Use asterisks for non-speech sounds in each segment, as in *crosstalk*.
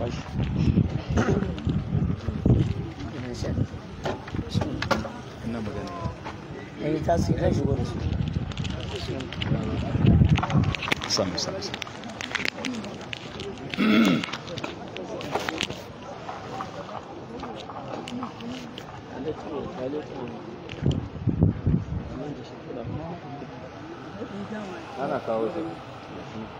Baş. Ina magana. Eh tasiri zai shigo da su. Sami sami sami. Ana kawo shi.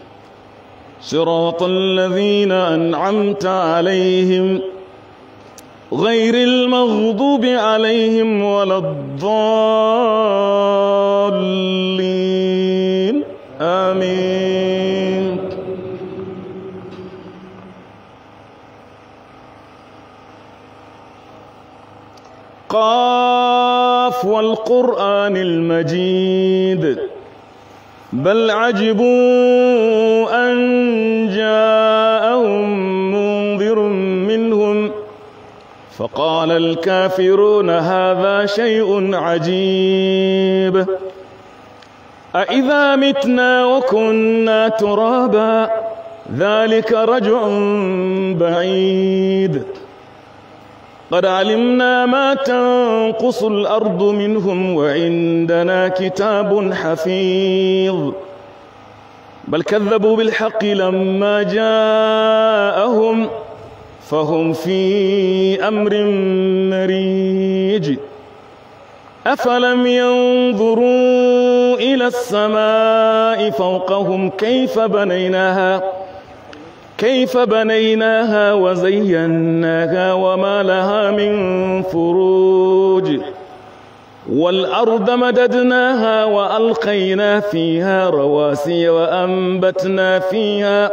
صراط الذين أنعمت عليهم غير المغضوب عليهم ولا الضالين آمين قاف والقرآن المجيد بل عجبوا أن جاءهم منذر منهم فقال الكافرون هذا شيء عجيب أإذا متنا وكنا ترابا ذلك رجع بعيد قد علمنا ما تنقص الأرض منهم وعندنا كتاب حفيظ بل كذبوا بالحق لما جاءهم فهم في أمر مريج أفلم ينظروا إلى السماء فوقهم كيف بنيناها ؟ كيف بنيناها وزيناها وما لها من فروج والأرض مددناها وألقينا فيها رواسي وأنبتنا فيها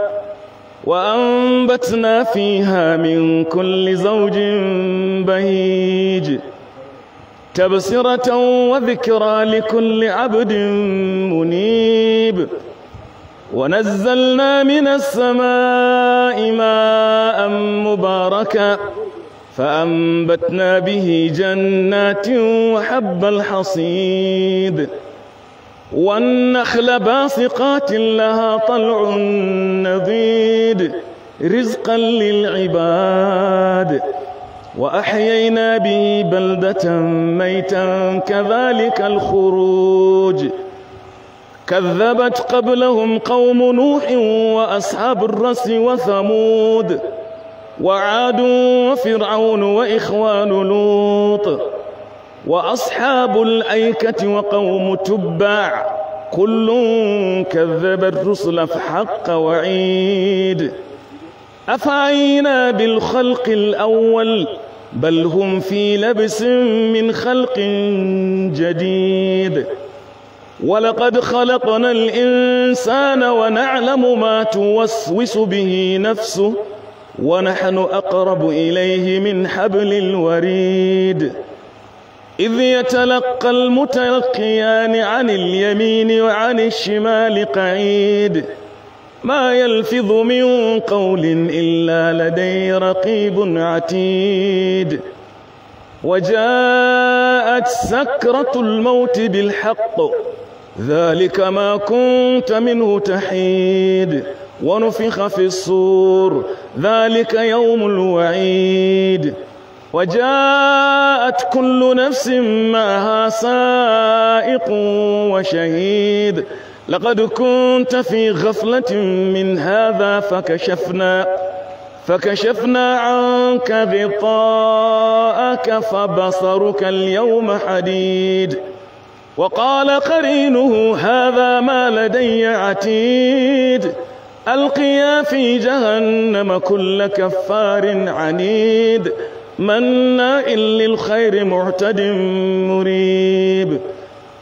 وأنبتنا فيها من كل زوج بهيج تبصرة وذكرى لكل عبد منيب ونزلنا من السماء ماء مباركا فأنبتنا به جنات وحب الحصيد والنخل باسقات لها طلع نضيد رزقا للعباد وأحيينا به بلدة ميتا كذلك الخروج كذبت قبلهم قوم نوح وأصحاب الرس وثمود وعاد وفرعون وإخوان لوط وأصحاب الأيكة وقوم تبع كل كذب الرسل فحق وعيد أفعينا بالخلق الأول بل هم في لبس من خلق جديد ولقد خلقنا الإنسان ونعلم ما توسوس به نفسه ونحن أقرب إليه من حبل الوريد إذ يتلقى المتلقيان عن اليمين وعن الشمال قعيد ما يلفظ من قول إلا لديه رقيب عتيد وجاءت سكرة الموت بالحق ذلك ما كنت منه تحيد ونفخ في الصور ذلك يوم الوعيد وجاءت كل نفس معها سائق وشهيد لقد كنت في غفلة من هذا فكشفنا فكشفنا عنك غطاءك فبصرك اليوم حديد وقال قرينه هذا ما لدي عتيد القيا في جهنم كل كفار عنيد مناء للخير معتد مريب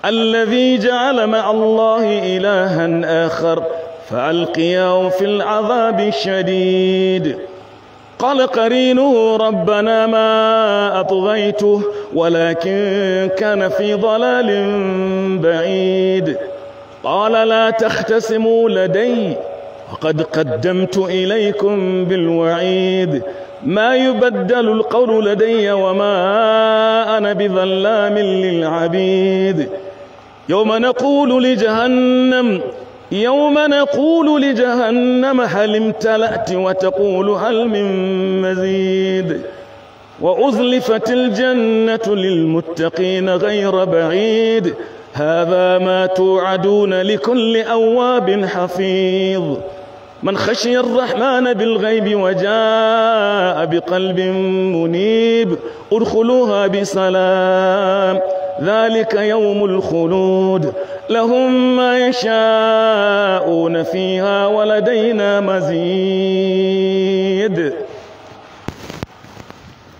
الذي جعل مع الله الها اخر فالقياه في العذاب الشديد قال قرينه ربنا ما أطغيته ولكن كان في ضلال بعيد قال لا تختسموا لدي وقد قدمت إليكم بالوعيد ما يبدل القول لدي وما أنا بظلام للعبيد يوم نقول لجهنم يوم نقول لجهنم هل امتلأت وتقول هل من مزيد وأزلفت الجنة للمتقين غير بعيد هذا ما توعدون لكل أواب حفيظ من خشي الرحمن بالغيب وجاء بقلب منيب ادخلوها بسلام ذلك يوم الخلود لهم ما يشاءون فيها ولدينا مزيد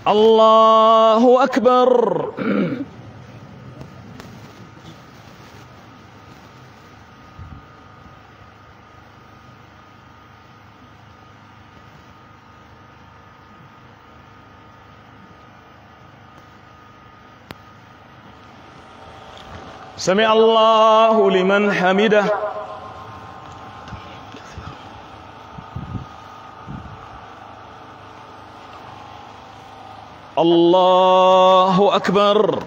الله أكبر *clears throat* سمع الله لمن حمده الله أكبر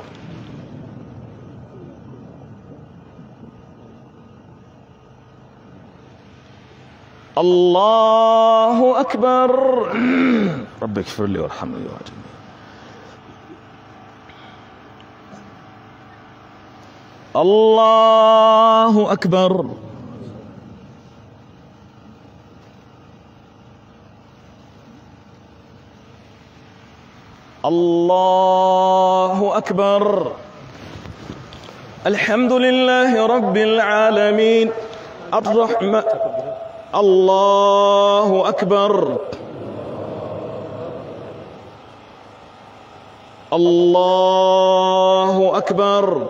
الله أكبر *clears throat* ربي اغفر لي وارحمني واجمني الله أكبر الله أكبر الحمد لله رب العالمين الرحمة الله أكبر الله أكبر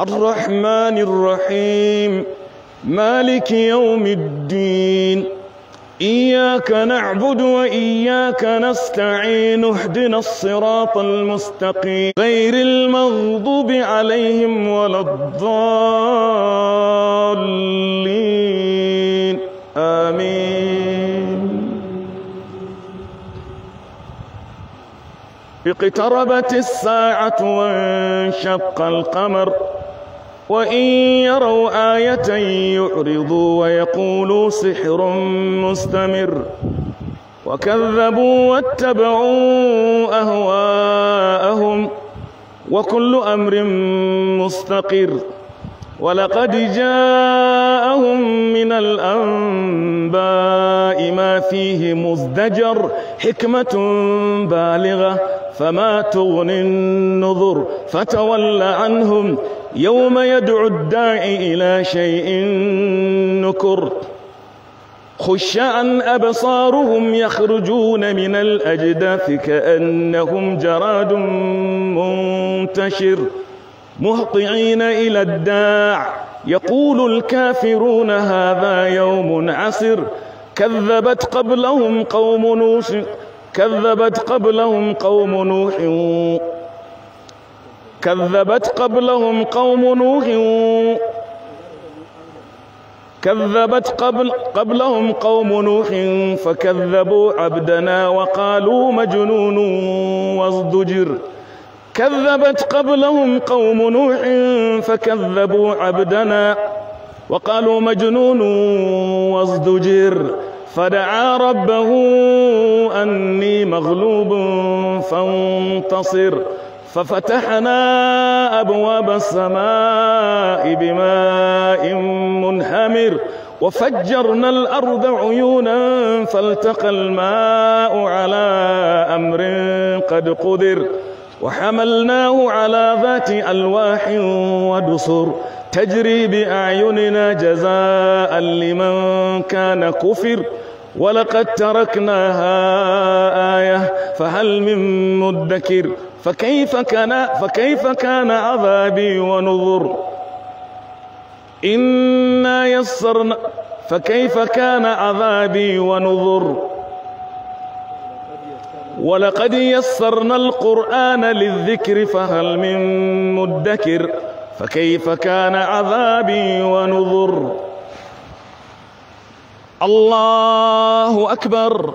الرحمن الرحيم مالك يوم الدين إياك نعبد وإياك نستعين اهدنا الصراط المستقيم غير المغضوب عليهم ولا الضالين آمين اقتربت الساعة وانشق القمر وإن يروا آية يعرضوا ويقولوا سحر مستمر وكذبوا واتبعوا أهواءهم وكل أمر مستقر ولقد جاءهم من الأنباء ما فيه مزدجر حكمة بالغة فما تغني النذر فتول عنهم يوم يدعو الداعي إلى شيء نكر خش أن أبصارهم يخرجون من الأجداث كأنهم جراد منتشر مهطعين إلى الداع يقول الكافرون هذا يوم عسر كذبت قبلهم قوم نوح كذبت قبلهم قوم نوح كذبت قبلهم قوم نوح كذبت قبل قبلهم قوم نوح فكذبوا عبدنا وقالوا مجنون وازدجر كذبت قبلهم قوم نوح فكذبوا عبدنا وقالوا مجنون وازدجر فدعا ربه أني مغلوب فانتصر ففتحنا أبواب السماء بماء منهمر وفجرنا الأرض عيونا فالتقى الماء على أمر قد قدر وحملناه على ذات ألواح ودسر تجري بأعيننا جزاء لمن كان كفر ولقد تركناها آية فهل من مدكر فكيف كان فكيف كان عذابي ونذر إنا يسرنا فكيف كان عذابي ونذر ولقد يسرنا القرآن للذكر فهل من مدكر فكيف كان عذابي ونذر الله أكبر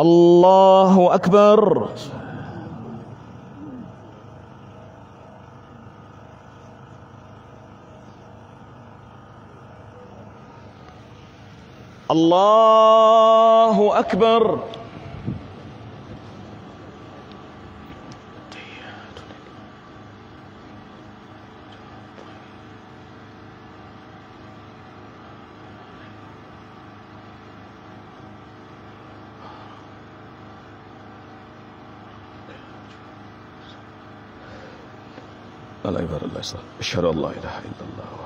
الله أكبر الله أكبر لا لا إله إلا اشهد ان لا اله الا الله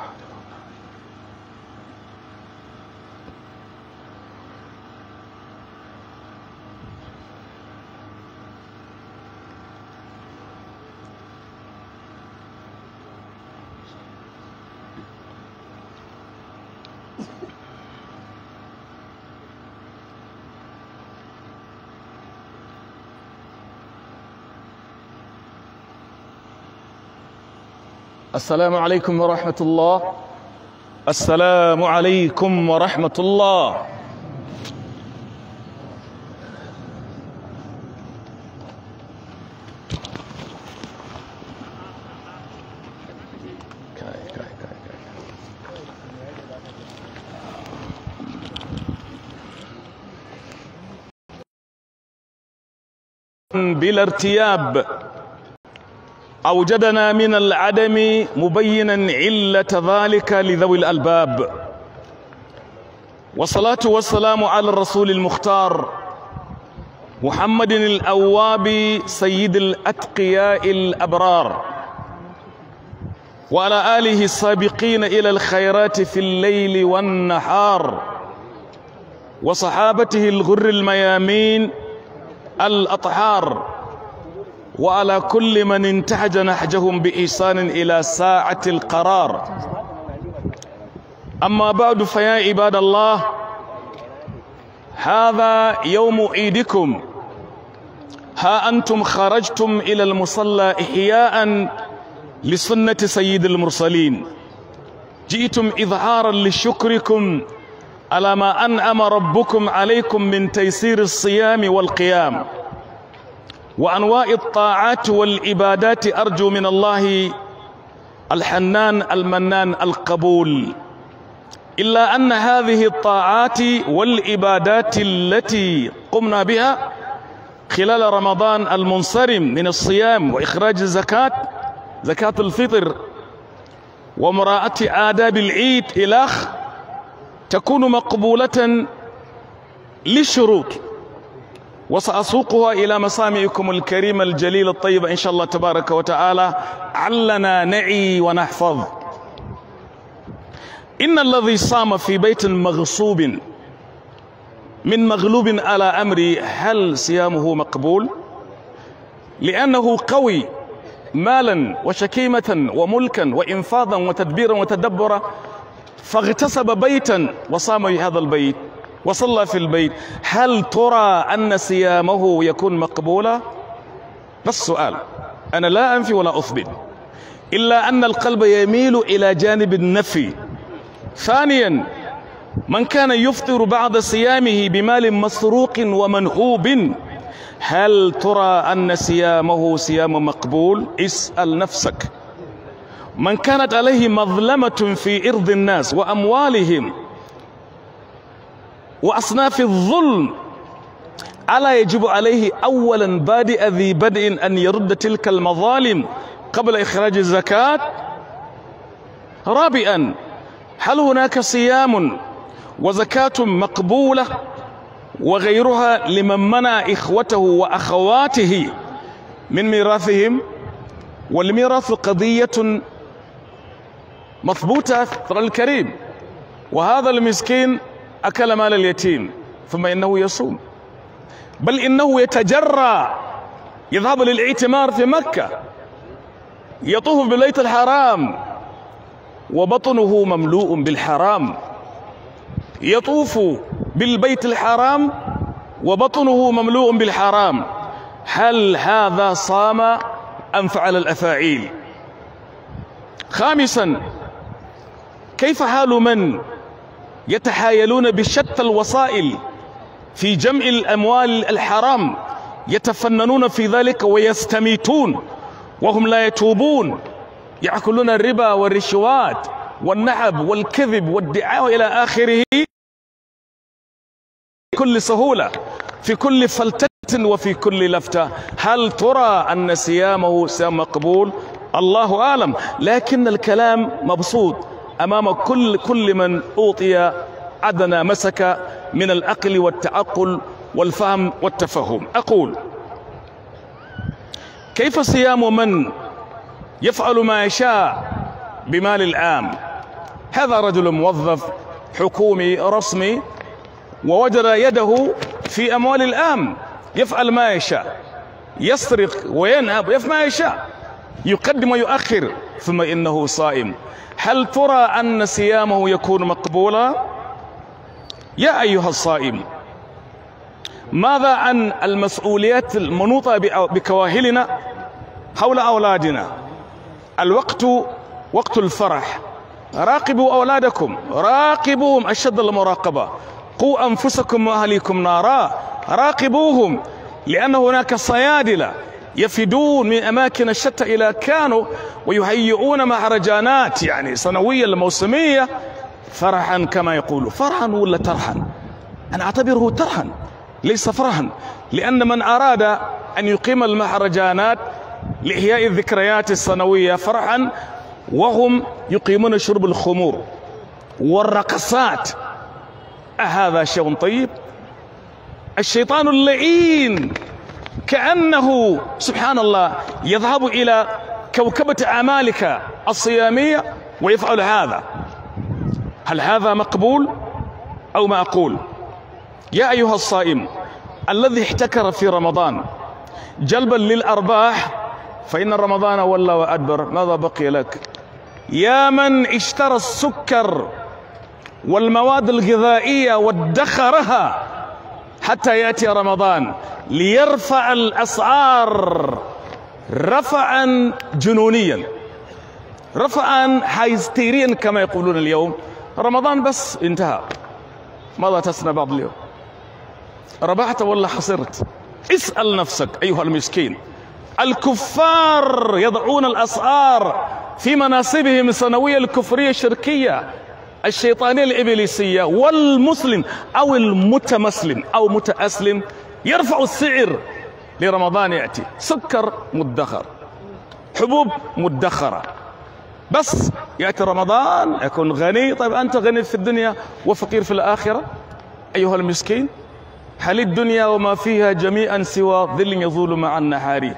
السلام عليكم ورحمة الله السلام عليكم ورحمة الله بلا ارتياب أوجدنا من العدم مبينا علة ذلك لذوي الألباب والصلاة والسلام على الرسول المختار محمد الأواب سيد الأتقياء الأبرار وعلى آله السابقين إلى الخيرات في الليل والنهار وصحابته الغر الميامين الأطهار وعلى كل من انتهج نحجهم بإحسان إلى ساعة القرار أما بعد فيا عباد الله هذا يوم عيدكم ها أنتم خرجتم إلى المصلى إحياء لسنة سيد المرسلين جئتم إظهارا لشكركم على ما أنعم ربكم عليكم من تيسير الصيام والقيام وأنواع الطاعات والعبادات أرجو من الله الحنان المنان القبول إلا أن هذه الطاعات والعبادات التي قمنا بها خلال رمضان المنصرم من الصيام وإخراج الزكاة زكاة الفطر ومراءة آداب العيد إلخ تكون مقبولة لشروط وسأسوقها إلى مسامعكم الكريمة الجليلة الطيبة إن شاء الله تبارك وتعالى علنا نعي ونحفظ إن الذي صام في بيت مغصوب من مغلوب على أمري هل صيامه مقبول لأنه قوي مالا وشكيمة وملكا وإنفاضا وتدبيرا وتدبرا فاغتسب بيتا وصام في هذا البيت وصلى في البيت هل ترى أن صيامه يكون مقبولا بس سؤال أنا لا أنفي ولا أثبت إلا أن القلب يميل إلى جانب النفي ثانيا من كان يفطر بعد صيامه بمال مسروق ومنهوب هل ترى أن صيامه صيام مقبول اسأل نفسك من كانت عليه مظلمة في إرض الناس وأموالهم وأصناف الظلم ألا يجب عليه أولا بادئ ذي بدء أن يرد تلك المظالم قبل إخراج الزكاة رابعا هل هناك صيام وزكاة مقبولة وغيرها لمن منع إخوته وأخواته من ميراثهم والميراث قضية مضبوطة القرآن الكريم وهذا المسكين أكل مال اليتيم ثم إنه يصوم بل إنه يتجرى يذهب للاعتمار في مكة يطوف بالبيت الحرام وبطنه مملوء بالحرام يطوف بالبيت الحرام وبطنه مملوء بالحرام هل هذا صام أم فعل الأفاعيل خامسا كيف حال من يتحايلون بشتى الوسائل في جمع الأموال الحرام يتفننون في ذلك ويستميتون وهم لا يتوبون يأكلون الربا والرشوات والنعب والكذب والدعاء إلى آخره بكل سهولة في كل فلتة وفي كل لفتة هل ترى أن سيامه سيام مقبول الله أعلم لكن الكلام مبسوط أمام كل كل من أوطي عدنا مسك من الأقل والتعقل والفهم والتفهم أقول كيف صيام من يفعل ما يشاء بمال العام هذا رجل موظف حكومي رسمي ووجد يده في أموال العام يفعل ما يشاء يسرق وينهب يفعل ما يشاء يقدم ويؤخر ثم إنه صائم هل ترى أن صيامه يكون مقبولا يا أيها الصائم ماذا عن المسؤوليات المنوطة بكواهلنا حول أولادنا الوقت وقت الفرح راقبوا أولادكم راقبوهم أشد المراقبة قوا أنفسكم وأهليكم نارا راقبوهم لأن هناك صيادلة يفدون من أماكن شتى إلى كانوا ويهيئون مهرجانات يعني سنوية الموسمية فرحا كما يقولوا فرحا ولا ترحا أنا أعتبره ترحا ليس فرحا لأن من أراد أن يقيم المهرجانات لإحياء الذكريات السنوية فرحا وهم يقيمون شرب الخمور والرقصات أهذا شيء طيب الشيطان اللعين كأنه سبحان الله يذهب إلى كوكبة أعمالك الصيامية ويفعل هذا هل هذا مقبول أو معقول يا أيها الصائم الذي احتكر في رمضان جلبا للأرباح فإن رمضان ولى وأدبر ماذا بقي لك يا من اشترى السكر والمواد الغذائية وادخرها حتى يأتي رمضان ليرفع الأسعار رفعا جنونيا رفعا هايستيريا كما يقولون اليوم رمضان بس انتهى ماذا تصنع بعض اليوم ربحت ولا خسرت اسأل نفسك أيها المسكين الكفار يضعون الأسعار في مناصبهم السنوية الكفرية الشركية الشيطانية الإبليسية والمسلم أو المتمسلم أو متأسلم يرفع السعر لرمضان يأتي سكر مدخر حبوب مدخرة بس يأتي رمضان يكون غني طيب أنت غني في الدنيا وفقير في الآخرة أيها المسكين هل الدنيا وما فيها جميعا سوى ظل يظول مع النهار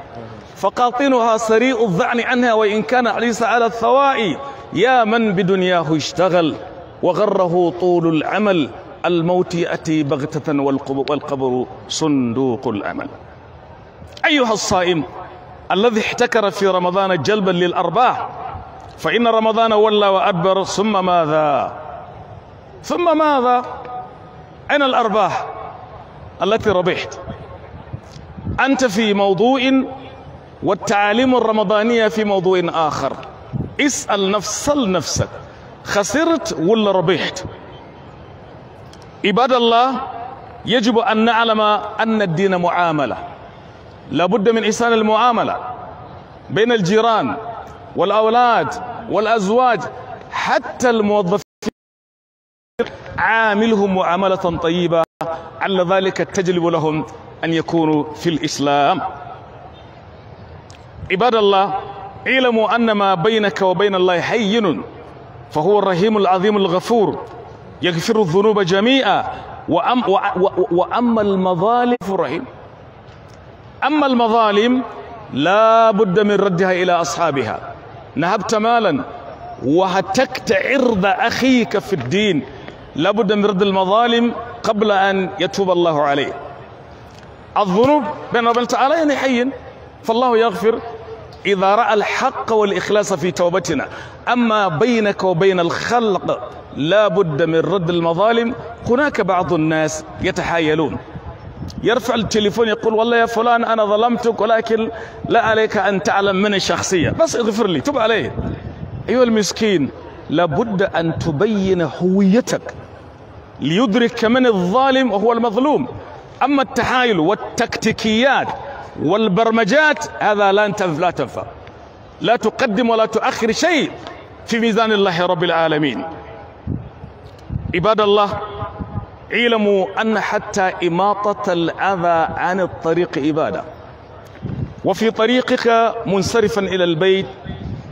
فقاطنها سريء الظعن عنها وإن كان ليس على الثوائي يا من بدنياه اشتغل وغره طول العمل الموت يأتي بغتة والقبر صندوق الأمل أيها الصائم الذي احتكر في رمضان جلبا للأرباح فإن رمضان ولى وأدبر ثم ماذا ثم ماذا أين الأرباح التي ربحت أنت في موضوع والتعاليم الرمضانية في موضوع آخر اسأل نفس نفسك خسرت ولا ربحت عباد الله يجب أن نعلم أن الدين معاملة لابد من إحسان المعاملة بين الجيران والأولاد والأزواج حتى الموظفين عاملهم معاملة طيبة على ذلك تجلب لهم أن يكونوا في الإسلام عباد الله اعلموا أن ما بينك وبين الله حين فهو الرحيم العظيم الغفور يغفر الذنوب جميعا وأم وأما المظالم الرحيم أما المظالم لا بد من ردها إلى أصحابها نهبت مالا وهتكت عرض أخيك في الدين لا بد من رد المظالم قبل أن يتوب الله عليه الذنوب بين ربنا تعالى يعني حي فالله يغفر إذا رأى الحق والإخلاص في توبتنا أما بينك وبين الخلق لا بد من رد المظالم هناك بعض الناس يتحايلون يرفع التليفون يقول والله يا فلان أنا ظلمتك ولكن لا عليك أن تعلم من الشخصية بس اغفر لي تب عليه أيها المسكين لابد أن تبين هويتك ليدرك من الظالم وهو المظلوم أما التحايل والتكتيكيات والبرمجات هذا لا لا تنفع لا تقدم ولا تؤخر شيء في ميزان الله رب العالمين عباد الله اعلموا أن حتى إماطة الأذى عن الطريق عباده وفي طريقك منصرفا إلى البيت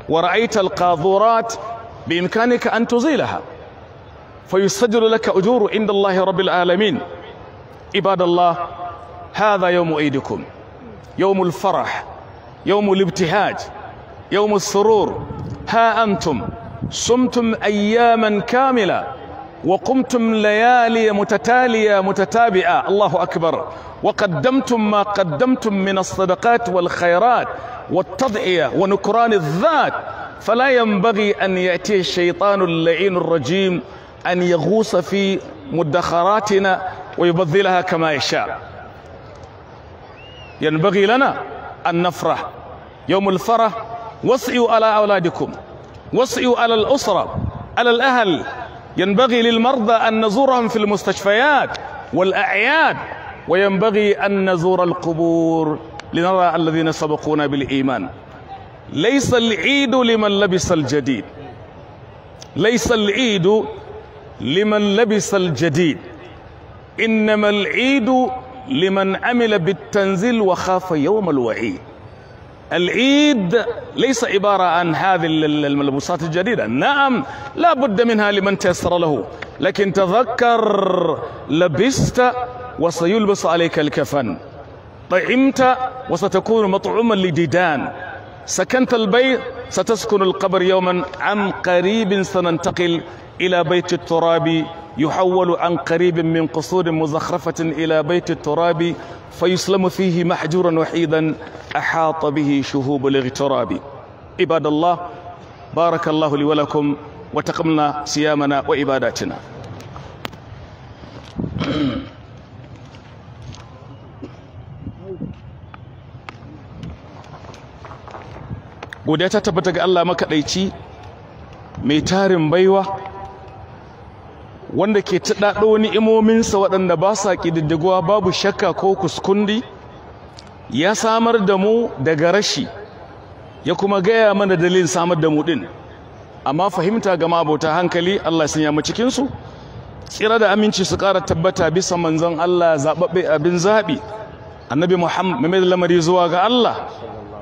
ورأيت القاذورات بإمكانك أن تزيلها فيسجل لك أجور عند الله رب العالمين عباد الله هذا يوم عيدكم يوم الفرح يوم الابتهاج يوم السرور ها أنتم صمتم أياما كاملة وقمتم ليالي متتالية متتابعة الله أكبر وقدمتم ما قدمتم من الصدقات والخيرات والتضعية ونكران الذات فلا ينبغي أن يأتي الشيطان اللعين الرجيم أن يغوص في مدخراتنا ويبذلها كما يشاء ينبغي لنا أن نفرح يوم الفرح وصعوا على أولادكم وصعوا على الأسرة على الأهل ينبغي للمرضى أن نزورهم في المستشفيات والأعياد وينبغي أن نزور القبور لنرى الذين سبقونا بالإيمان ليس العيد لمن لبس الجديد ليس العيد لمن لبس الجديد إنما العيد لمن عمل بالتنزيل وخاف يوم الوعيد العيد ليس عبارة عن هذه الملبوسات الجديدة نعم لا بد منها لمن تيسر له لكن تذكر لبست وسيلبس عليك الكفن طعمت وستكون مطعوما لديدان سكنت البيت ستسكن القبر يوما عن قريب سننتقل إلى بيت التراب يحول عن قريب من قصور مزخرفة إلى بيت التراب فيسلم فيه محجورا وحيدا أحاط به شهوب الاغتراب عباد الله بارك الله لي ولكم وتقمنا صيامنا وعباداتنا godiya ta tabbata ga Allah makaɗaici mai tarin baiwa wanda ke ta ɗaɗo ni'imominsa waɗanda ba sa ƙididdigowa babu shakka ko kuskundi ya samar da mu daga rashi ya kuma gaya mana dalilin samar da mu ɗin amma fahimta ga abota hankali Allah sun yamu cikinsu tsira da aminci su ƙara tabbata bisa manzon Allah zaɓaɓɓe abin zaɓi annabi Muhammad lamari zuwa ga Allah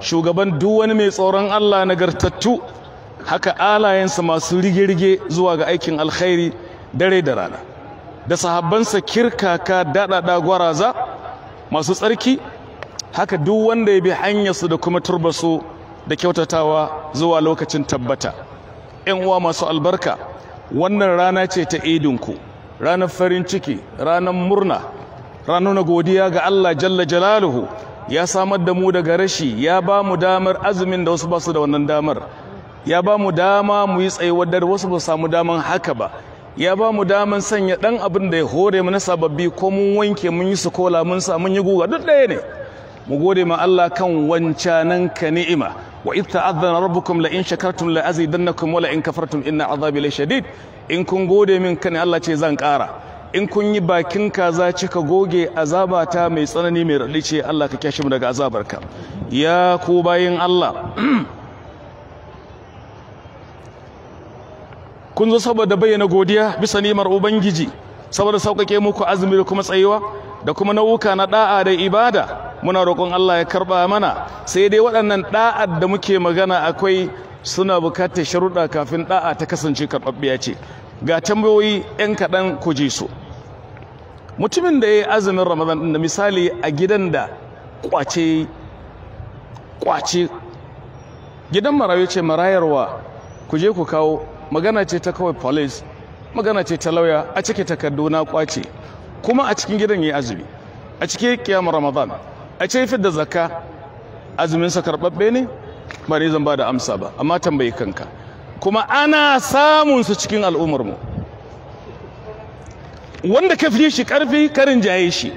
shugaban duk wani mai tsoron Allah nagartattu haka alayensa masu rige-rige zuwa ga aikin alkhairi dare da rana da sahabbansa kirkaka daɗaɗa gwaraza masu tsarki haka duk wanda ya bi hanyarsu da kuma turbasu da kyautatawa zuwa lokacin tabbata ‘yan uwa masu albarka wannan rana ce ta idinku ranar farin ciki ranar murna ranar na godiya ga Allah jalla jalaluhu ya samar da mu daga rashi ya ba mu damar azumin da wasu ba su da wannan damar ya ba mu dama mu yi tsayuwar da wasu ba samu damar haka ba ya ba mu daman sanya dan abin da ya hore mu na sababbi ko mun wanke mun yi sukola mun sa mun yi guga duk ɗaya ne mu gode ma Allah kan wancanan ka ni'ima wa idh ta'adhana rabbukum la in shakartum la azidannakum wa la in kafartum inna adhabi shadid in kun gode min ka ne Allah ce zan kara in kun yi bakin kaza cika goge azabata mai tsanani mai raɗi ce Allah ka kyashe mu daga azabarka ya ku bayin Allah *clears throat* kun zo saboda bayyana godiya bisa nimar ubangiji saboda sauƙaƙe muku azumi da kuma tsayuwa da kuma na'uka na da'a da ibada muna roƙon Allah ya karɓa mana sai dai waɗannan da'ar da muke magana akwai suna bukatar sharuɗa kafin da'a ta kasance karɓaɓɓiya ce ga tambayoyi 'yan kaɗan ku ji su mutumin da ya yi azumin ramadan da misali a gidan da kwace kwace gidan marayu ce marayarwa ku je ku kawo magana ce ta kawai police magana ce ta lauya a cike takardu na kwace kuma a cikin gidan yayi azumi a cikin kiyamar ramadan a ce fi da zakka azumin sa karbabbe ne ba zan ba da amsa ba amma tambayi kanka kuma ana samun su cikin al'ummar mu wanda ka fi shi karfi karin jaye shi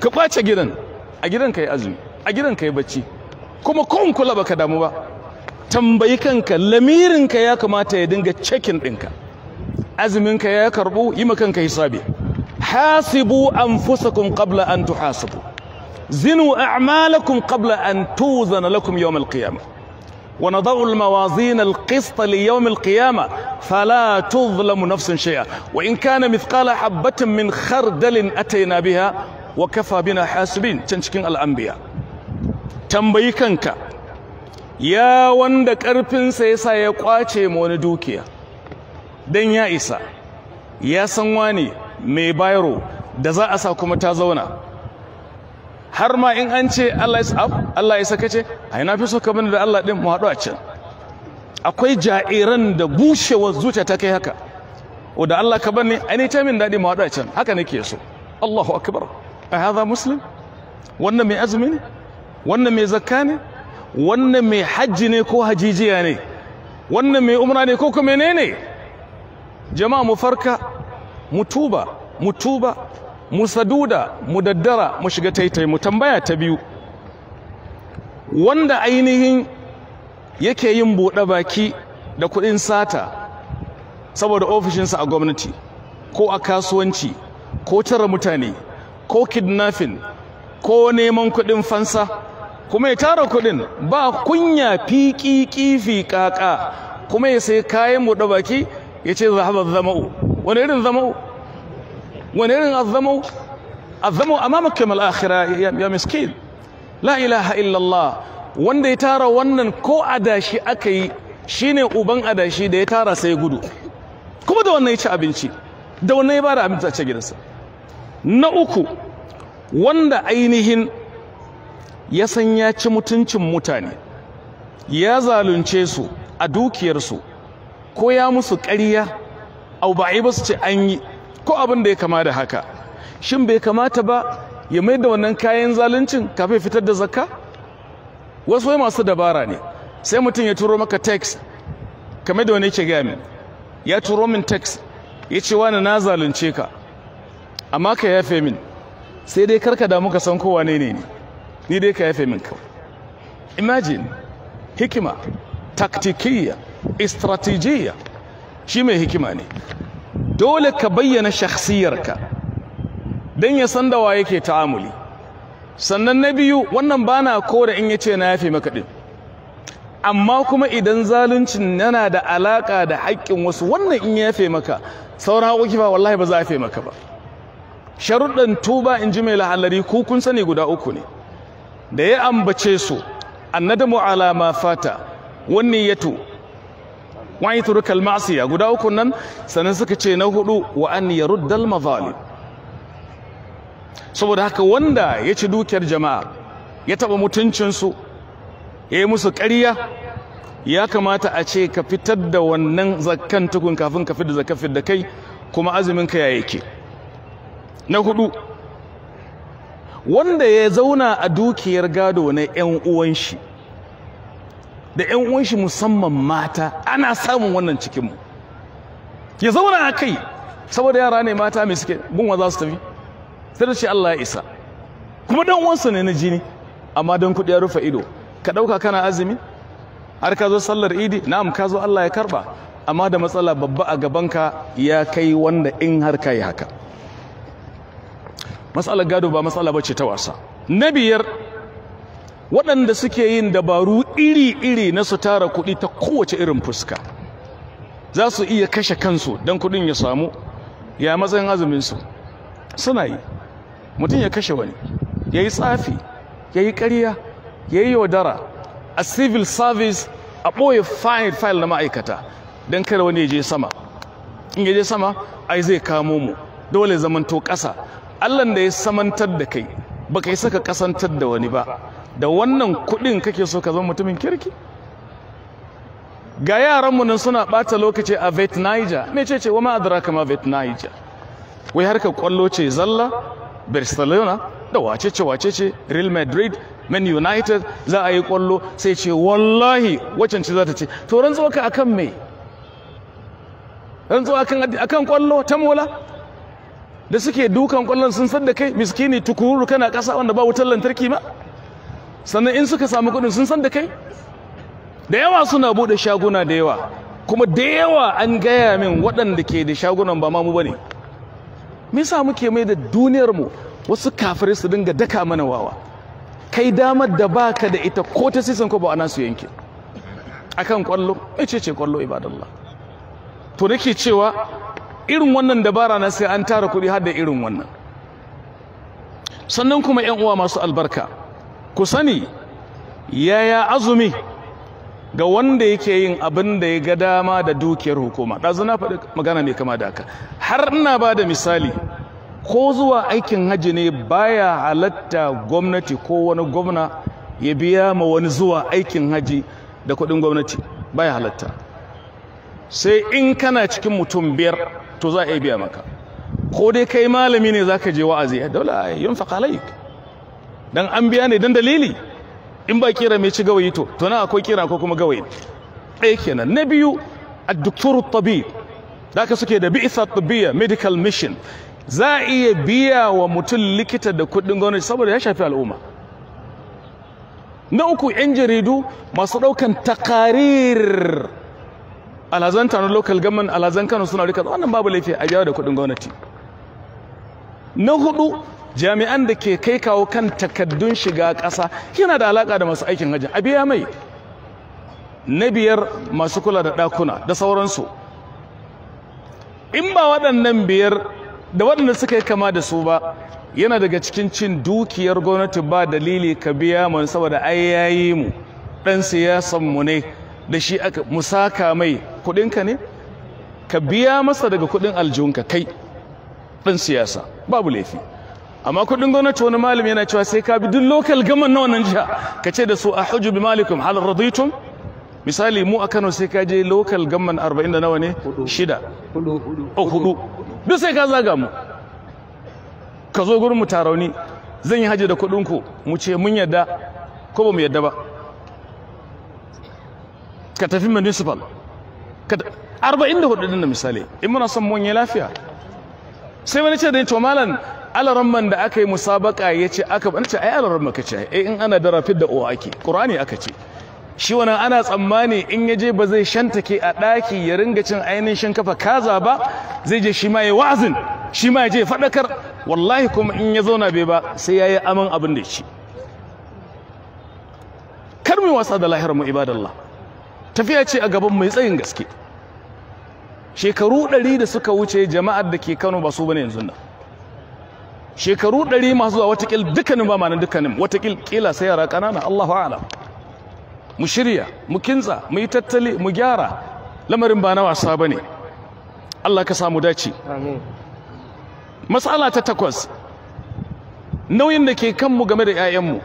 ka kwace gidan a gidan ka azumi a gidan ka bacci kuma kun kula baka damu ba tambayi kanka lamirinka ya kamata ya dinga cekin ɗinka azuminka ya karbu yi maka kanka hisabi hasibu anfusakum qabla an tuhasabu zinu a'malakum qabla an tuzana lakum yawm al-qiyamah ونضع الموازين القسط ليوم القيامة فلا تظلم نفس شيئا وإن كان مثقال حبة من خردل أتينا بها وكفى بنا حاسبين تنشكين الأنبياء تنبيكنك ya wanda ƙarfinsa ya sa ya ƙwace ma wani dukiya don ya isa ya san wani mai bayro da za a sa kuma ta zauna har ma in an ce Allah ya saka ce ai na fi so ka da Allah ɗin mu haɗu a can akwai ja'iran da bushewar zuciya ta kai haka o da Allah ka bani ai ta min daɗi mu haɗu a can haka nake so Allahu akbar a hadha muslim wannan mai azumi ne wannan mai zakka ne wannan mai hajji ne ko hajijiya ne wannan mai umra ne ko kuma ne jama'a mu farka mu tuba mu tuba mu saduda mu daddara mu shiga taitai mu tambaya ta biyu wanda ainihin yake yin buɗe baki da kuɗin sata saboda ofishinsa a gwamnati ko a kasuwanci ko tara mutane ko kidnapping ko neman kuɗin fansa kuma ya tara kuɗin ba kunya fiƙi ƙifi ƙaƙa kuma ya sai kayan buɗe baki ya ce zahabar zama'u wani irin zama'u wani irin azzama'u azzama'u amma makamar akhira ya miskin la ilaha illallah wanda ya tara wannan ko adashi aka yi shine uban adashi da ya tara sai gudu kuma da wannan ya ci abinci da wannan ya bada abinci a cikin gidansa na uku wanda ainihin ya san ya ci mutuncin mutane ya zalunce su a dukiyarsu ko ya musu ƙarya au ba ba su ce an yi ko abin da ya kama da haka shin bai kamata ba ya mai da wannan kayan zaluncin kafin fitar da zakka wasu wai masu dabara ne sai mutum ya turo maka text kamar da wani yake gaya min ya turo min text ya ce wani na zalunce ka amma ka yafe min sai dai karka damu ka san kowa ne ne ne ni dai ka yafe min kawai imagine hikima taktikiyya istratijiyya shi mai hikima ne dole ka bayyana shakhsiyarka don ya san da wa yake ta'amuli sannan na biyu wannan ba na kore in yace na yafe maka din amma kuma idan zaluncin yana da alaƙa da haƙƙin wasu wannan in yafe maka sauran haƙoƙi ba wallahi ba za a yafe maka ba sharuɗan tuba in ji mai lahallari ko kun sani guda uku ne da ya ambace su annadamu ala ma fata wani yato wani turukal ma'asiya guda uku nan sannan suka ce na hudu wa an yaruddal mazalim saboda haka wanda ya ci dukiyar jama'a ya taba mutuncinsu ya yi musu ƙarya ya kamata a ce ka fitar da wannan zakkan tukun kafin ka fitar da zakafin da kai kuma azumin ka ya yake na hudu wanda ya zauna a dukiyar gado na 'yan uwan shi da 'yan uwan shi musamman mata ana samun wannan cikinmu ya zauna a kai saboda yara ne mata mai suke gunwa za su tafi sai da shi Allah ya isa kuma dan uwansu ne na jini amma don kuɗi ya rufe ido ka ɗauka kana azumi har ka zo sallar idi na'am ka zo Allah ya karba amma da matsala babba a gabanka ya kai wanda in har ka yi haka matsalar gado ba matsala bace ta wasa na biyar waɗanda suke yin dabaru iri-iri na su tara kuɗi ta kowace irin fuska za su iya kashe kansu don kuɗin ya samu ya matsayin azuminsu suna yi mutum ya kashe wani ya yi tsafi ya yi ƙarya ya yi yaudara a civil service a ɓoye fayil na ma'aikata don kare wani ya je sama in ya je sama ai zai kamo mu dole zamanto ƙasa Allah da ya samantar da kai baka yi saka kasantar da wani ba da wannan kudin kake so ka zama mutumin kirki ga yaranmu nan suna bata lokaci a vet niger me ce kama vet niger wai harka kwallo ce zalla barcelona da wace ce wace ce real madrid man united za a yi kwallo sai ce wallahi wacan ce za ta ce to rantsuwa ka akan me akan kwallo ta mola da suke dukan kwallon sun san da kai miskini tukururu kana kasa wanda ba wutar lantarki ba sannan in suka samu kuɗin sun san da kai da yawa suna buɗe shaguna da yawa kuma da yawa an gaya min waɗanda ke da shagunan ba mamu ba ne me sa muke mai da duniyar mu wasu kafirai su dinga daka mana wawa kai damar da baka da ita ko ta sisan ko ba ana su yanke akan kwallo mece ce kwallo ibadallah to nake cewa irin wannan dabara na sai an tara kuɗi har da irin wannan sannan kuma ‘yan uwa masu albarka ku sani yaya azumi ga wanda yake yin abin da ya ga dama da dukiyar hukuma ɗazu na faɗi magana mai kama da haka har ina ba da misali ko zuwa aikin hajji ne baya halatta gwamnati ko wani gwamna ya biya ma wani zuwa aikin hajji da kuɗin gwamnati baya halatta sai in kana cikin mutum biyar to za a biya maka ko dai kai malami ne za ka je wa'azi eh, dole a yin faƙalaik don an biya ne don dalili in ba kira mai ci gawayi to tuna akwai kira ko kuma gawayi ɗaya kenan na biyu a doktoru tabi da ka suke da bi'isa tabiya medical mission za a iya biya wa mutum likita da kuɗin gwamnati saboda ya shafi al'umma na uku 'yan jaridu masu ɗaukan takarir alhazan Tano local government alhazan Kano suna rika wannan babu laifi a jawo da kuɗin gwamnati na hudu jami'an da ke kai kawo kan takaddun shiga ƙasa yana da alaka da masu aikin hajji a biya mai na biyar masu kula da ɗakuna da sauransu in ba waɗannan biyar da waɗanda suka yi kama da su ba yana daga cikin cin dukiyar gwamnati ba dalili ka biya mu saboda ai yayi mu ɗan siyasan mu ne da shi aka musaka mai kudinka ne ka biya masa daga kudin aljihunka kai ɗan siyasa babu laifi amma kudin gwamnati wani malami yana cewa sai ka bi duk lokal gaman na wannan jiha ka ce da su a hujju bi malikum hal raditun misali mu a Kano sai ka je lokal gaman 40 da nawa ne shida A oh, hudu duk sai ka zaga mu ka zo gurin mu tarauni zan yi haji da kudin ku mu ce mun yadda ko ba mu yadda ba ka tafi municipal arba'in da hudu na misali in muna son monye lafiya sai wani ce da to malam alaramman da aka yi musabaka ya ce aka ba ce ai alaramma ka ce ai in ana dara da uwa ake qur'ani aka ce shi wannan ana tsammani in ya je ba zai shantake a ɗaki ya ringa cin ainihin shinkafa kaza ba zai je shi ma ya wa'azin shi ma ya je faɗakar wallahi kuma in ya zauna bai ba sai ya yi aman abin da ya ci kar mu wasa da lahirmu ibadallah tafiya ce a gaban mai tsayin gaske shekaru ɗari da suka wuce jama'ar da ke Kano ba su bane yanzu nan shekaru ɗari masu zuwa watakil dukkanin ba manan dukkanin watakil kila sai yara ƙanana Allahu mu shirya mu kinza mu yi tattali mu gyara lamarin ba na wasa bane Allah ka samu dace amin mas'ala ta takwas nauyin da ke kanmu game da 'ya'yanmu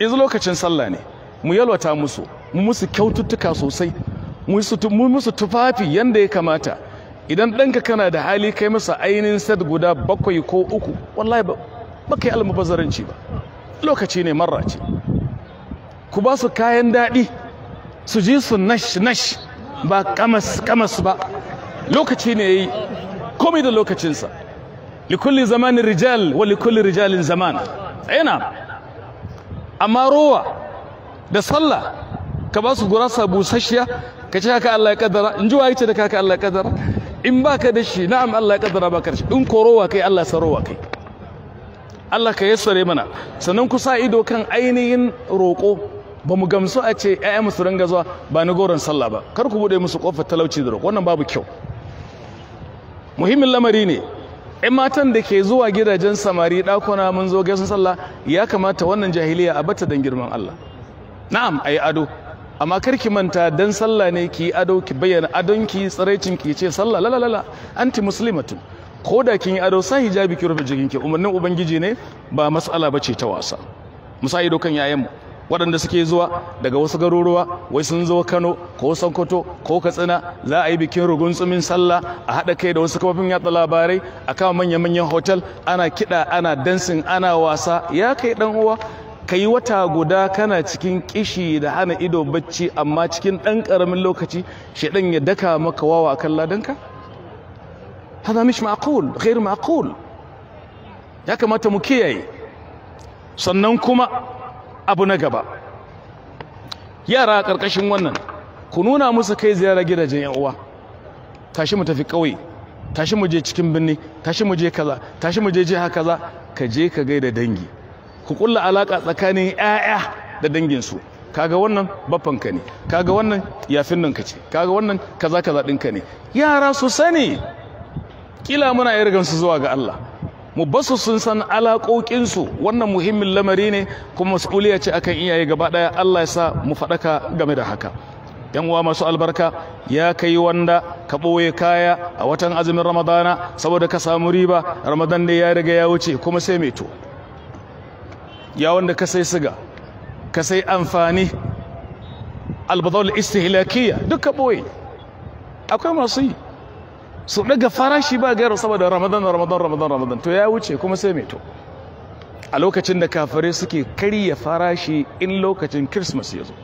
yanzu lokacin sallah ne mu yalwata musu musu kyaututtuka sosai mu musu tufafi yanda ya kamata idan ɗanka kana da hali kai masa ainihin set guda bakwai ko uku wallahi ba kai almubazzaranci ba lokaci ne marra ce ku ba su kayan daɗi su ji su nash nash ba kamas kamas ba lokaci ne ya yi komai da lokacinsa likulli zamanin rijal wa likulli rijalin zaman yana amma rowa da sallah ka ba su gurasa busasshiya ka ce haka Allah ya kaddara in ji waye ce da haka Allah ya kaddara in ba ka da shi na'am Allah ya kaddara ba da shi in korowa kai Allah sarowa kai Allah ka yassare mana sannan ku sa ido kan ainihin roƙo ba mu gamsu a ce ƴaƴa musu ringa zuwa ba ni goron sallah ba kar ku bude musu kofar talauci da roƙo wannan babu kyau muhimmin lamari ne ƴan matan da ke zuwa gidajen samari ɗakuna mun zo gaisun sallah ya kamata wannan jahiliya a bata don girman Allah na'am ayi ado amma kar ki manta dan sallah ne ki ado ki bayyana adon ki tsiraicin ki ce sallah la la la anti muslimatun ko da kin yi ado sa hijabi ki rufe ki umarnin ubangiji ne ba mas'ala bace ta wasa musa ido kan yayan mu waɗanda suke zuwa daga wasu garuruwa wai sun zo kano ko sokoto ko katsina za a yi bikin rugun tsumin sallah a haɗa kai da wasu kafofin yatsa labarai a kan manya-manyan hotel ana kiɗa ana dansin ana wasa ya kai ɗan uwa ka yi wata guda kana cikin kishi da hana ido bacci amma cikin ɗan ƙaramin lokaci ɗan ya daka maka wawa a kan ladanka hada mish ma'akul ghair ma'akul ya kamata mu kiyaye sannan kuma abu na gaba yara ƙarƙashin wannan ku nuna musu kai ziyara gidajen yan uwa tashi mu tafi ƙauye tashi mu je cikin birni tashi mu je kaza tashi mu je jiha kaza ka je ka gaida dangi ku kulla alaka tsakanin ƴaƴa da danginsu kaga wannan baffanka ne kaga wannan yafin nan ce kaga wannan kaza kaza ɗinka ne yara su sani kila muna yargan su zuwa ga Allah mu basu sun san alaƙoƙinsu wannan muhimmin lamari ne kuma mas'uliya ce akan iyaye gaba ɗaya Allah ya sa mu faɗaka game da haka yan uwa masu albarka ya kai wanda ka ɓoye kaya a watan azumin ramadana saboda ka samu riba ramadan ne ya riga ya wuce kuma sai mai to ya wanda ka sai siga ka sai amfani albadawar istihlakiya duka boye akwai masu yi su daga farashi ba gairar saboda ramadan ramadan ramadan ramadan to ya wuce kuma sai mai to a lokacin da kafare suke karya farashi in lokacin christmas ya zo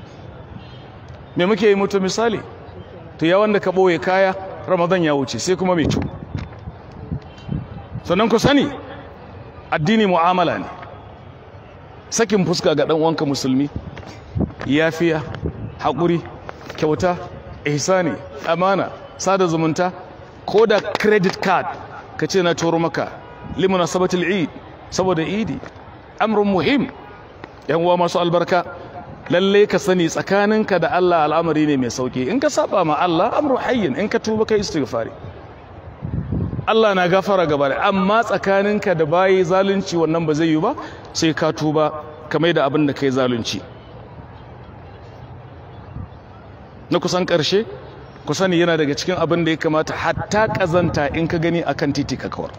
me muke yi mutu misali to ya wanda ka boye kaya ramadan ya wuce sai kuma mai to sannan ku sani addini mu'amala ne sakin fuska ga uwanka musulmi yafiya haƙuri kyauta ihsani amana sada zumunta ko da credit card ka ce na toro maka limuna sabatul eid saboda idi amrun muhim yan uwa masu albarka lalle ka sani tsakaninka da Allah al'amari ne mai sauki in ka saba ma Allah amru hayyin in ka tuba kai istighfari Allah na gafara gaba amma tsakaninka da bayi zalunci wannan ba zai yi ba sai ka tuba kamar da abin da kai zalunci na kusan karshe ku sani yana daga cikin abin da ya kamata hatta kazanta in ka gani akan titi ka kawar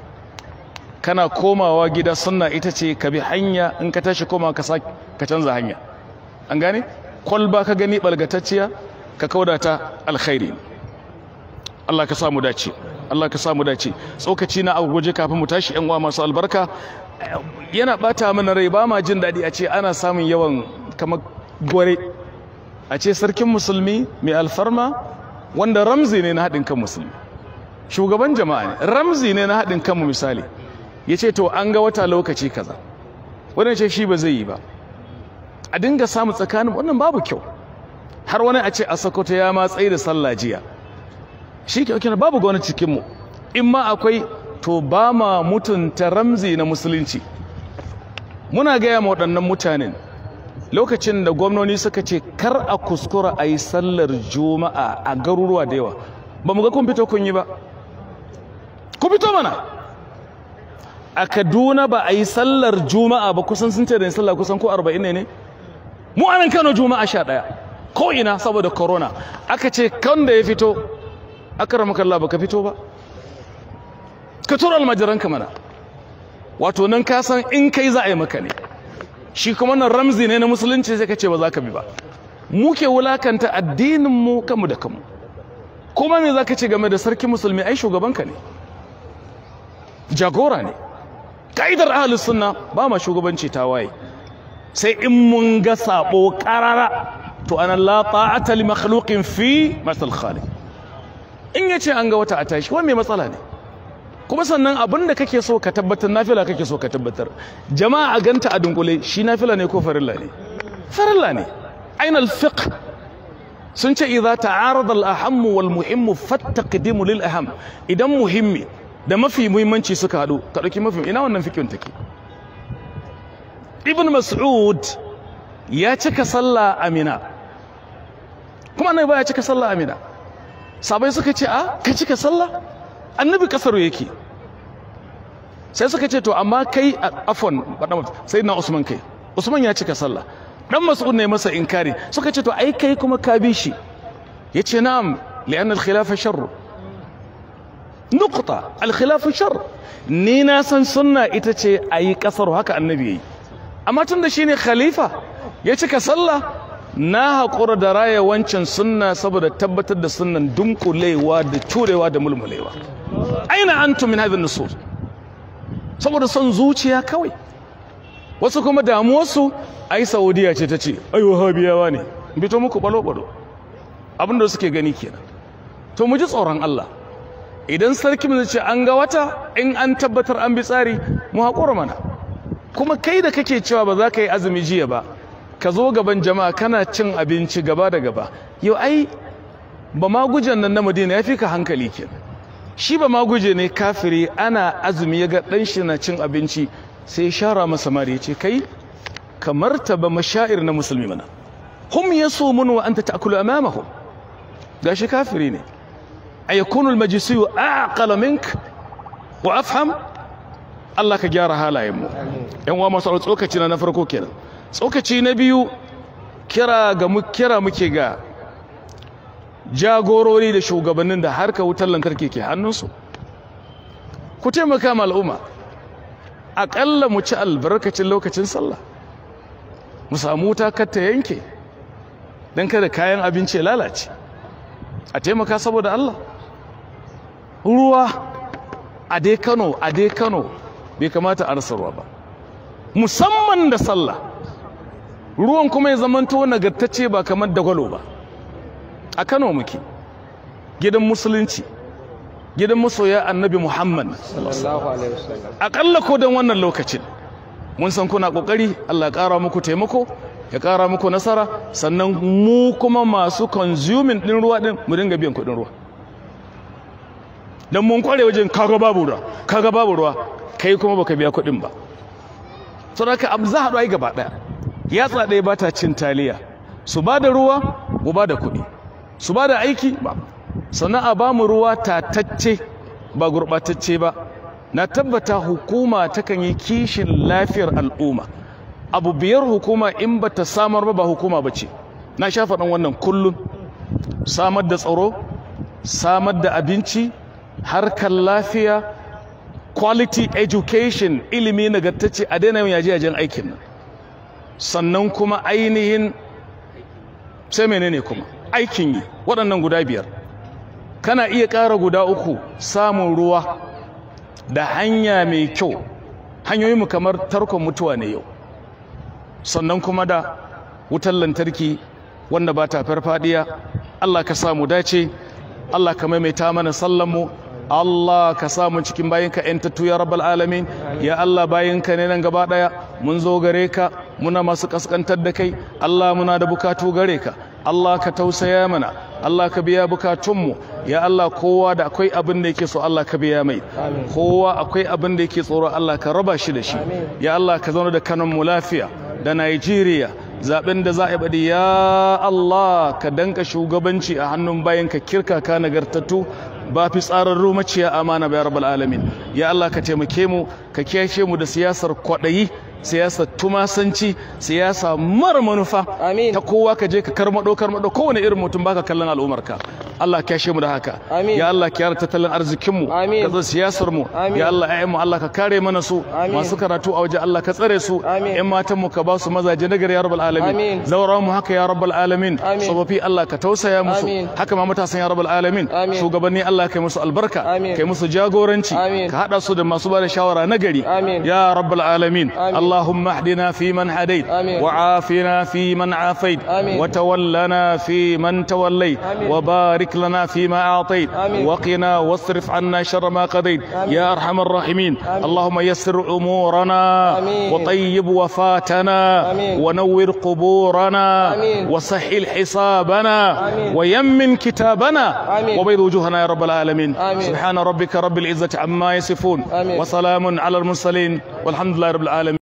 kana komawa gida sunna ita ce ka bi hanya in ka tashi koma ka ka canza hanya an gane kwalba ka gani balgatacciya ka kaudata alkhairi Allah ka samu dace Allah ka samu dace tsokaci na agwaje kafin mu tashi yan uwa masu albarka yana bata mana rai ba ma jin daɗi a ce ana samun yawan kamar gore a ce sarkin musulmi mai alfarma wanda ramzi ne na haɗin kan musulmi shugaban jama'a ne ramzi ne na haɗin kanmu misali ya ce to an ga wata lokaci kaza wannan ce shi ba zai yi ba a dinga samu tsakanin wannan babu kyau har wani a ce a sakoto ya matsayi da sallah jiya shi ke wakilin babu gwani cikinmu in ma akwai to ba ma mutunta ramzi na musulunci muna gaya ma waɗannan mutanen lokacin da gwamnoni suka ce kar a kuskura a yi sallar juma'a a garuruwa da yawa ba mu ga kun fito kun yi ba ku fito mana a kaduna ba a yi sallar juma'a ba kusan sun ce da sallah kusan ko arba'in ne ne mu anan kano juma'a sha ɗaya ko ina saboda corona aka ce kan da ya fito akramaka Allah baka fito ba ka tura almajiranka mana wato nan ka san in kai za a yi maka ne shi kuma nan ramzi ne na musulunci sai ka ce ba za ka bi ba muke wulakanta addinin mu kanmu da kanmu kuma me za ka ce game da sarki musulmi ai shugabanka ne jagora ne ka'idar ahlus sunna ba ma shugabanci waye sai in mun ga sabo karara to ana la ta'ata li makhluqin fi masal khaliq in ya ce an ga wata a tashi wani mai matsala ne kuma sannan abin da kake so ka tabbatar nafila kake so ka tabbatar jama'a a ganta a dunkule shi nafila ne ko farilla ne farilla ne ainal fiqh sun ce idza ta'arada al-aham wal muhim fattaqdimu lil aham idan muhimmi da mafi muhimmanci suka hadu ka dauki mafi ina wannan fikin take ibn mas'ud ya cika sallah amina kuma annabi ya cika sallah amina sabai suka ce a ka cika sallah annabi kasaro yake sai suka ce to amma kai afon sai na usman kai usman ya cika sallah dan mas'ud ne masa inkari suka ce to ai kai kuma ka bi shi yace na'am li'anna al-khilafa sharr nuqta al-khilafa sharr ni na san sunna ita ce ayi kasaro haka annabi yayi amma tunda shine khalifa ya cika sallah na haƙura da raya wancan sunna saboda tabbatar da sunan dunkulewa da curewa da mulmulewa aina an min haifin nusus saboda son zuciya kawai wasu kuma damuwarsu yi saudiya ce ta ce ai Habiyawa ne bito muku balo-balo abinda suke gani kenan to mu ji tsoron Allah idan sarki mu ce an ga wata in an tabbatar an bi tsari mu haƙura mana kuma kai da kake cewa ba za ka yi azumi jiya ba ka zo gaban jama'a kana cin abinci gaba da gaba yau ai ba magujen nan na madina ya fi ka hankali ke shi ba maguje ne kafiri ana azumi ya ga ɗan shi na cin abinci sai shara masa mari ce kai kamar ta ba mashair na musulmi mana hum mun wa anta ta'kulu amamahum gashi kafiri ne ayakunu almajisiyu aqala mink wa afham Allah ka gyara halayen mu yan uwa masu tsokaci na farko kenan tsokaci na biyu kira ga kira muke ga jagorori da shugabannin da harka wutar lantarki ke hannunsu ku taimaka ma al'umma aƙalla mu ci albarkacin lokacin sallah mu samu wuta kar yanke don kada kayan abinci ya lalace a taimaka saboda Allah ruwa a dai Kano a dai Kano bai kamata a rasa ba musamman da sallah ruwan kuma ya zamanto nagartacce ba kamar dagwalo ba a Kano muke gidan musulunci gidan masoya annabi Muhammad aƙalla ko don wannan lokacin mun san kuna ƙoƙari Allah ya ƙara muku taimako ya ƙara muku nasara sannan mu kuma masu consuming ɗin ruwa ɗin mu dinga biyan kuɗin ruwa don mun kware wajen kaga babu ruwa kaga babu ruwa kai kuma baka biya kuɗin ba saboda ka abu za a haɗu gaba ɗaya yatsa ɗaya ba ta cin taliya su ba da ruwa mu ba da kuɗi su ba da aiki ba sannan a ba mu ruwa tatacce ba gurɓatacce ba na tabbata hukuma takan yi kishin lafiyar al'umma abu biyar hukuma in ba ta samar ba ba hukuma ba ce na sha faɗin wannan kullum samar da tsaro samar da abinci harkar lafiya quality education ilimi nagartacce a daina yaje-yajen aikin nan sannan kuma ainihin sai menene kuma aikin yi waɗannan guda biyar kana iya ƙara guda uku samun ruwa da hanya mai kyau hanyoyinmu kamar tarkon mutuwa ne yau sannan kuma da wutar lantarki wanda ba ta farfadiya Allah ka samu dace Allah ka maimaita mana sallanmu Allah ka sa mu cikin bayinka yantattu ya rabbal alamin ya Allah bayinka ne nan gaba daya mun zo gare ka muna masu kaskantar da kai Allah muna da bukatu gare ka Allah ka tausaya mana Allah ka biya bukatunmu ya Allah kowa da akwai abin da yake so Allah ka biya mai kowa akwai abin da yake tsoro Allah ka raba shi da shi ya Allah ka zauna da mu lafiya da Najeriya zaɓen da za a yi ya Allah ka danka shugabanci a hannun bayan ka kirka ka nagartattu ba fi tsararru maciya amana bayar ya ya Allah ka taimake mu ka kiyashe mu da siyasar kwaɗayi siyasa tumasanci siyasa mara manufa ta kowa ka je ka karmado karmado kowane irin mutum baka kallon ka Allah ka mu da haka ya Allah ka yara tattalin arzikin mu ka zo siyasar mu ya Allah ayyan mu Allah ka kare mana su masu karatu a waje Allah ka tsare su ƴan matan mu ka ba su mazaje nagari ya rabbal alamin zaurawa mu haka ya rabbal alamin tsofaffi Allah ka tausaya musu haka ma matasan ya rabbal alamin shugabanni Allah yi musu albarka kai musu jagoranci ka hada su da masu ba da shawara nagari ya rabbal alamin Allah اللهم اهدنا فيمن هديت وعافنا فيمن عافيت وتولنا فيمن توليت وبارك لنا فيما أعطيت وقنا واصرف عنا شر ما قضيت يا أرحم الراحمين اللهم يسر أمورنا وطيب وفاتنا ونور قبورنا وسهل حسابنا ويمن كتابنا وبيض وجوهنا يا رب العالمين سبحان ربك رب العزة عما يصفون وسلام على المرسلين والحمد لله رب العالمين